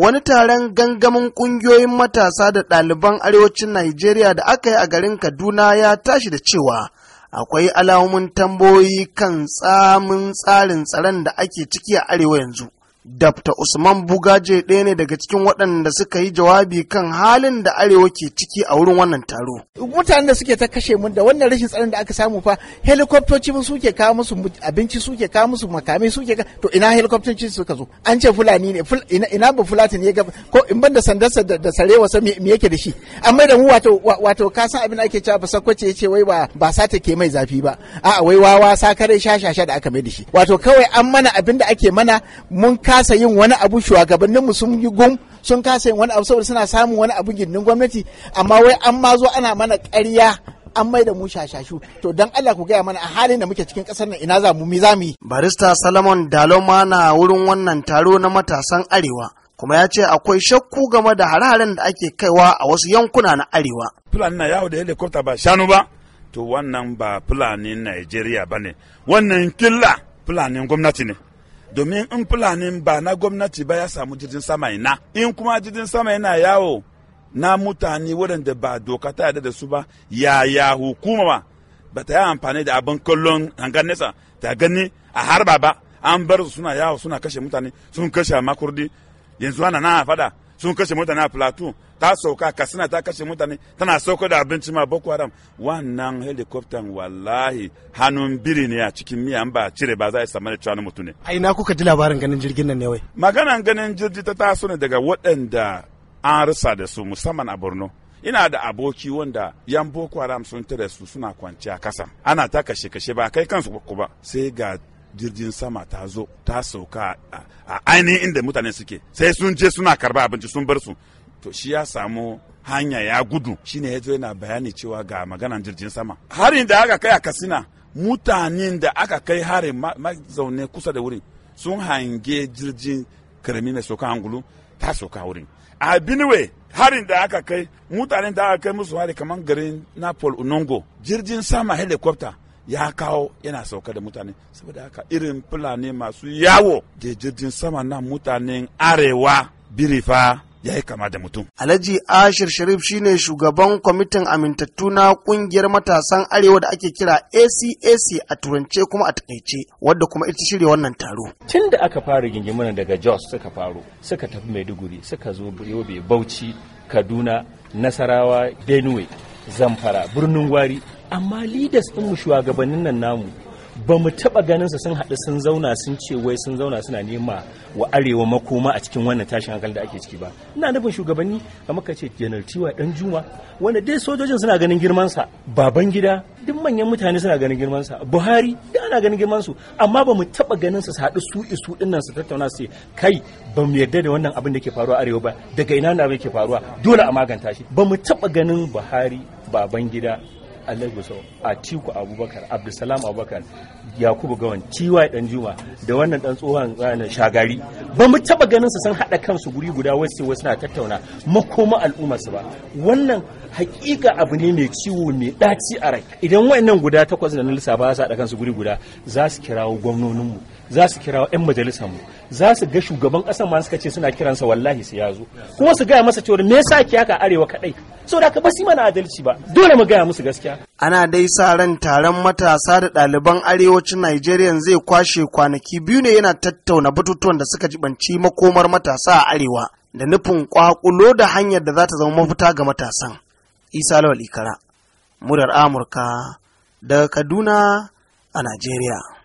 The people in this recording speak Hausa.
wani taron gangamin ƙungiyoyin matasa da ɗaliban arewacin Najeriya da aka yi a garin Kaduna ya tashi da cewa akwai alamun tambayoyi kan tsamin tsarin tsaron da ake ciki a arewa yanzu. Dr. Usman Bugaje ɗaya ne daga cikin waɗanda suka yi jawabi kan halin da Arewa ke ciki a wurin wannan taro. Mutanen da suke ta kashe mu da wannan rashin tsarin da aka samu fa helikoptoci suke kawo musu abinci suke kawo musu makamai suke ka to ina helikoptoci suka zo an ce fulani ne ina ba fulani ne ko in ban da sandarsa da sarewa sa me yake da shi amma da mu wato wato ka san abin ake cewa ba sakwace yace wai ba ba sata ke mai zafi ba a'a wai wawa sakare shashasha da aka mai da shi wato kawai an mana abin da ake mana mun ka kasa yin wani abu mu sun yi gum sun kasa yin wani abu saboda suna samun wani abu gindin gwamnati amma wai an ma zo ana mana ƙarya an mai da mu shashashu to dan Allah ku gaya mana a halin da muke cikin kasar nan ina za mu mi za mu yi barista Salomon Daloma na wurin wannan taro na matasan arewa kuma ya ce akwai shakku game da hare-haren da ake kaiwa a wasu yankuna na arewa fulani na yawo da helicopter ba shanu ba to wannan ba fulani Najeriya bane wannan killa fulanin gwamnati ne domin in fulanin ba na gwamnati ba ya samu jirgin sama ina in kuma jirgin sama yana yawo na mutane waɗanda ba doka ta yarda da su ba ya hukuma ba ba ta yi amfani da abin kallon hangar nesa ta gani a harba ba an bar su suna yawo suna kashe mutane sun kashe makurdi yanzu ana na fada sun kashe mutane a plateau ta sauka katsina ta kashe mutane tana sauka da abinci ma boko haram wannan helikoftan wallahi hannun biri ne a cikin miya ba cire ba za a samu da cewa mutu ne a ina kuka ji labarin ganin jirgin nan ne wai maganan ganin jirgi ta taso ne daga waɗanda an rasa da su musamman a borno ina da aboki wanda yan boko haram sun tare su suna kwanciya kasa ana ta kashe kashe ba kai kansu ba sai ga jirgin sama ta zo ta sauka a ainihin inda mutane suke sai sun je suna karba abinci sun bar su to shi ya samu hanya ya gudu shine ya zo yana bayani cewa ga maganan jirgin sama harin da aka kai a kasina mutanen da aka kai harin mazaune kusa da wurin sun hange jirgin karami mai sauka angulu ta sauka wurin a biniwe harin da aka kai mutanen da aka kai musu hari kamar garin napol unongo jirgin sama helicopter ya kawo yana sauka da mutane saboda haka irin fulani masu yawo da jirgin sama na mutanen arewa birifa ya yi kama da mutum. Alhaji Ashir Sharif shine shugaban kwamitin amintattu na kungiyar matasan arewa da ake kira ACAC a turance kuma a takaice wadda kuma ita shirya wannan taro. Tun da aka fara gingimin daga Jos suka faro suka tafi Maiduguri suka zo Yobe Bauchi Kaduna Nasarawa Benue Zamfara birnin Gwari amma leaders mu shugabannin nan namu ba mu ganin ganinsa sun haɗu sun zauna sun ce wai sun zauna suna nema wa arewa makoma a cikin wannan tashin hankali da ake ciki ba ina nufin shugabanni kamar ka ce general tiwa dan juma wanda dai sojojin suna ganin girmansa baban gida duk manyan mutane suna ganin girmansa buhari duk ana ganin girman su amma ba mu taɓa ganin su hadu su isu nan su tattauna su kai ba mu yarda da wannan abin da ke faruwa arewa ba daga ina na abin ke faruwa dole a maganta shi ba mu taɓa ganin buhari baban gida a Atiku a tiku abubakar abdulsalam abubakar yakubu gawan tiwa dan juma da wannan dan tsohon shagari ba mu taba ganin su san hada kansu guri guda wasu wasu na tattauna makoma al'umma su ba wannan hakika abu ne mai ciwo mai daci a rai idan wayannan guda takwas da na lissafa su hada kansu guri guda za su kirawo mu za su kirawo 'yan mu za su ga shugaban ƙasar ma suka ce suna kiransa wallahi su ya zo kuma su gaya masa cewa me yasa ki haka arewa kadai saboda ka ba su mana adalci ba dole mu gaya musu gaskiya ana dai sa ran taron matasa da ɗaliban arewacin Najeriya zai kwashe kwanaki biyu ne yana tattauna batutuwan da suka jibanci makomar matasa a arewa da nufin kwakulo da hanyar da za ta zama mafita ga matasan isa lawal ikara murar amurka daga kaduna a Najeriya.